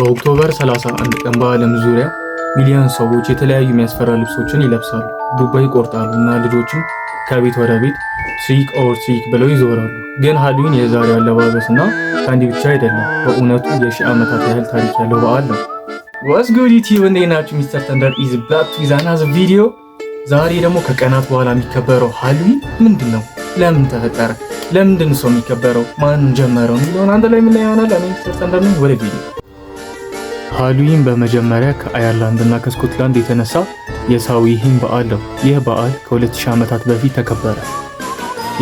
በኦክቶበር 31 ቀን በዓለም ዙሪያ ሚሊዮን ሰዎች የተለያዩ የሚያስፈራ ልብሶችን ይለብሳሉ፣ ዱባ ይቆርጣሉ እና ልጆችም ከቤት ወደ ቤት ሲክ ኦር ሲክ ብለው ይዞራሉ። ግን ሃሎዊን የዛሬ አለባበስ እና ከአንድ ብቻ አይደለም፣ በእውነቱ የሺ ዓመታት ያህል ታሪክ ያለው በዓል ነው። ዋስ ጉዲቲ ወንዴ ናችሁ ሚስተር ተንደር ኢዝ ብላክ ዛናዝ ቪዲዮ። ዛሬ ደግሞ ከቀናት በኋላ የሚከበረው ሃሎዊን ምንድን ነው? ለምን ተፈጠረ? ለምንድን ሰው የሚከበረው? ማን ጀመረው? የሚለውን አንድ ላይ የምናየው ይሆናል። ሚስተር ተንደር ወደ ቪዲዮ ሃሎዊን በመጀመሪያ እና ከስኮትላንድ የተነሳ የሳዊሂን በዓል ነው። ይህ በዓል ከ2000 ዓመታት በፊት ተከበረ።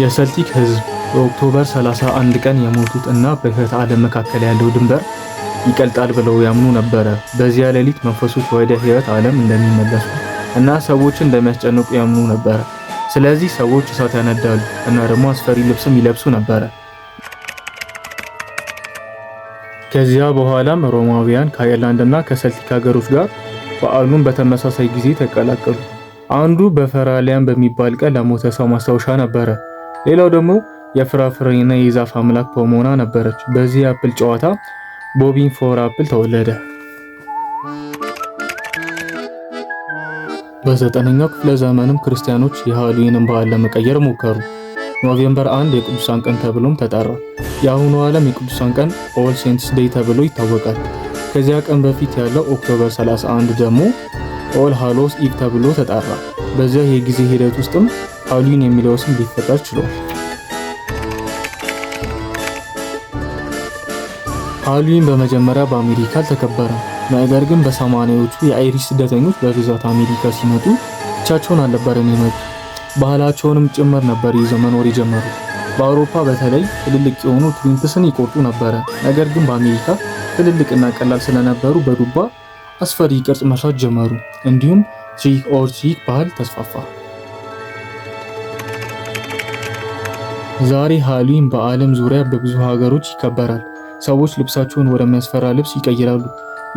የሰልቲክ ህዝብ በኦክቶበር 31 ቀን የሞቱት እና በሕይወት ዓለም መካከል ያለው ድንበር ይቀልጣል ብለው ያምኑ ነበረ። በዚያ ሌሊት መንፈሶች ወደ ህይወት ዓለም እንደሚመለሱ እና ሰዎችን እንደሚያስጨንቁ ያምኑ ነበረ። ስለዚህ ሰዎች እሳት ያነዳሉ እና ደግሞ አስፈሪ ልብስም ይለብሱ ነበረ። ከዚያ በኋላም ሮማውያን ከአየርላንድና ከሰልቲክ ሀገሮች ጋር በዓሉን በተመሳሳይ ጊዜ ተቀላቀሉ። አንዱ በፈራሊያን በሚባል ቀን ለሞተ ሰው ማስታወሻ ነበረ። ሌላው ደግሞ የፍራፍሬና የዛፍ አምላክ ፖሞና ነበረች። በዚህ የአፕል ጨዋታ ቦቢን ፎር አፕል ተወለደ። በዘጠነኛው ክፍለ ዘመንም ክርስቲያኖች የሃሎዊንን በዓል ለመቀየር ሞከሩ። ኖቬምበር አንድ የቅዱሳን ቀን ተብሎም ተጠራ። የአሁኑ ዓለም የቅዱሳን ቀን ኦል ሴንትስ ዴይ ተብሎ ይታወቃል። ከዚያ ቀን በፊት ያለው ኦክቶበር 31 ደግሞ ኦል ሃሎስ ኢቭ ተብሎ ተጠራ። በዚያ የጊዜ ሂደት ውስጥም ሃሎዊን የሚለው ስም ሊፈጠር ችሏል። ሃሎዊን በመጀመሪያ በአሜሪካ አልተከበረም። ነገር ግን በሰማንያዎቹ የአይሪሽ ስደተኞች በብዛት አሜሪካ ሲመጡ ብቻቸውን አልነበረም የመጡ ባህላቸውንም ጭምር ነበር ይዘው መኖር የጀመሩ። በአውሮፓ በተለይ ትልልቅ የሆኑ ትሪምፕስን ይቆርጡ ነበረ። ነገር ግን በአሜሪካ ትልልቅና ቀላል ስለነበሩ በዱባ አስፈሪ ቅርጽ መስራት ጀመሩ። እንዲሁም ትሪክ ኦር ትሪክ ባህል ተስፋፋ። ዛሬ ሃሎዊን በዓለም ዙሪያ በብዙ ሀገሮች ይከበራል። ሰዎች ልብሳቸውን ወደሚያስፈራ ልብስ ይቀይራሉ፣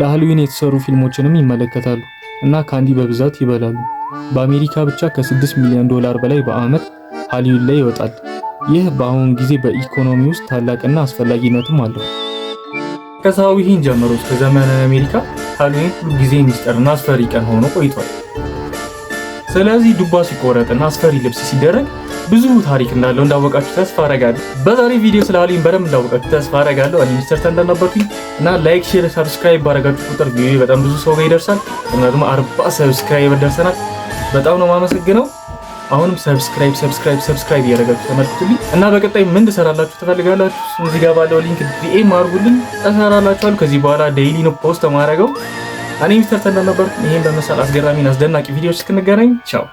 ለሃሎዊን የተሰሩ ፊልሞችንም ይመለከታሉ እና ካንዲ በብዛት ይበላሉ። በአሜሪካ ብቻ ከ6 ሚሊዮን ዶላር በላይ በአመት ሀሊውድ ላይ ይወጣል። ይህ በአሁን ጊዜ በኢኮኖሚ ውስጥ ታላቅና አስፈላጊነትም አለው። ከሳዊሂን ጀምሮ እስከ ዘመነ አሜሪካ ሀሊውድ ሁልጊዜ ሚስጥርና አስፈሪ ቀን ሆኖ ቆይቷል። ስለዚህ ዱባ ሲቆረጥና አስፈሪ ልብስ ሲደረግ ብዙ ታሪክ እንዳለው እንዳወቃችሁ ተስፋ አረጋለሁ። በዛሬ ቪዲዮ ስለ ሀሎዊን በደንብ እንዳወቃችሁ ተስፋ አረጋለሁ። እኔ ሚስተር ተንዳ ነበርኩኝ እና ላይክ፣ ሼር፣ ሰብስክራይብ ባረጋችሁ ቁጥር ቪዲዮ በጣም ብዙ ሰው ጋር ይደርሳል እና ደግሞ 40 ሰብስክራይብ ደርሰናል። በጣም ነው የማመሰግነው። አሁንም ሰብስክራይብ ሰብስክራይብ ሰብስክራይብ እያደረጋችሁ ተመልክቱልኝ እና በቀጣይ ምን ትሰራላችሁ ትፈልጋላችሁ? እዚህ ጋር ባለው ሊንክ ዲኤም አድርጉልኝ እሰራላችኋለሁ። ከዚህ በኋላ ዴይሊ ነው ፖስት ማድረገው። እኔ ሚስተር ተንዳ ነበርኩ። ይህን በመሳል አስገራሚን አስደናቂ ቪዲዮዎች እስክንገናኝ ቻው።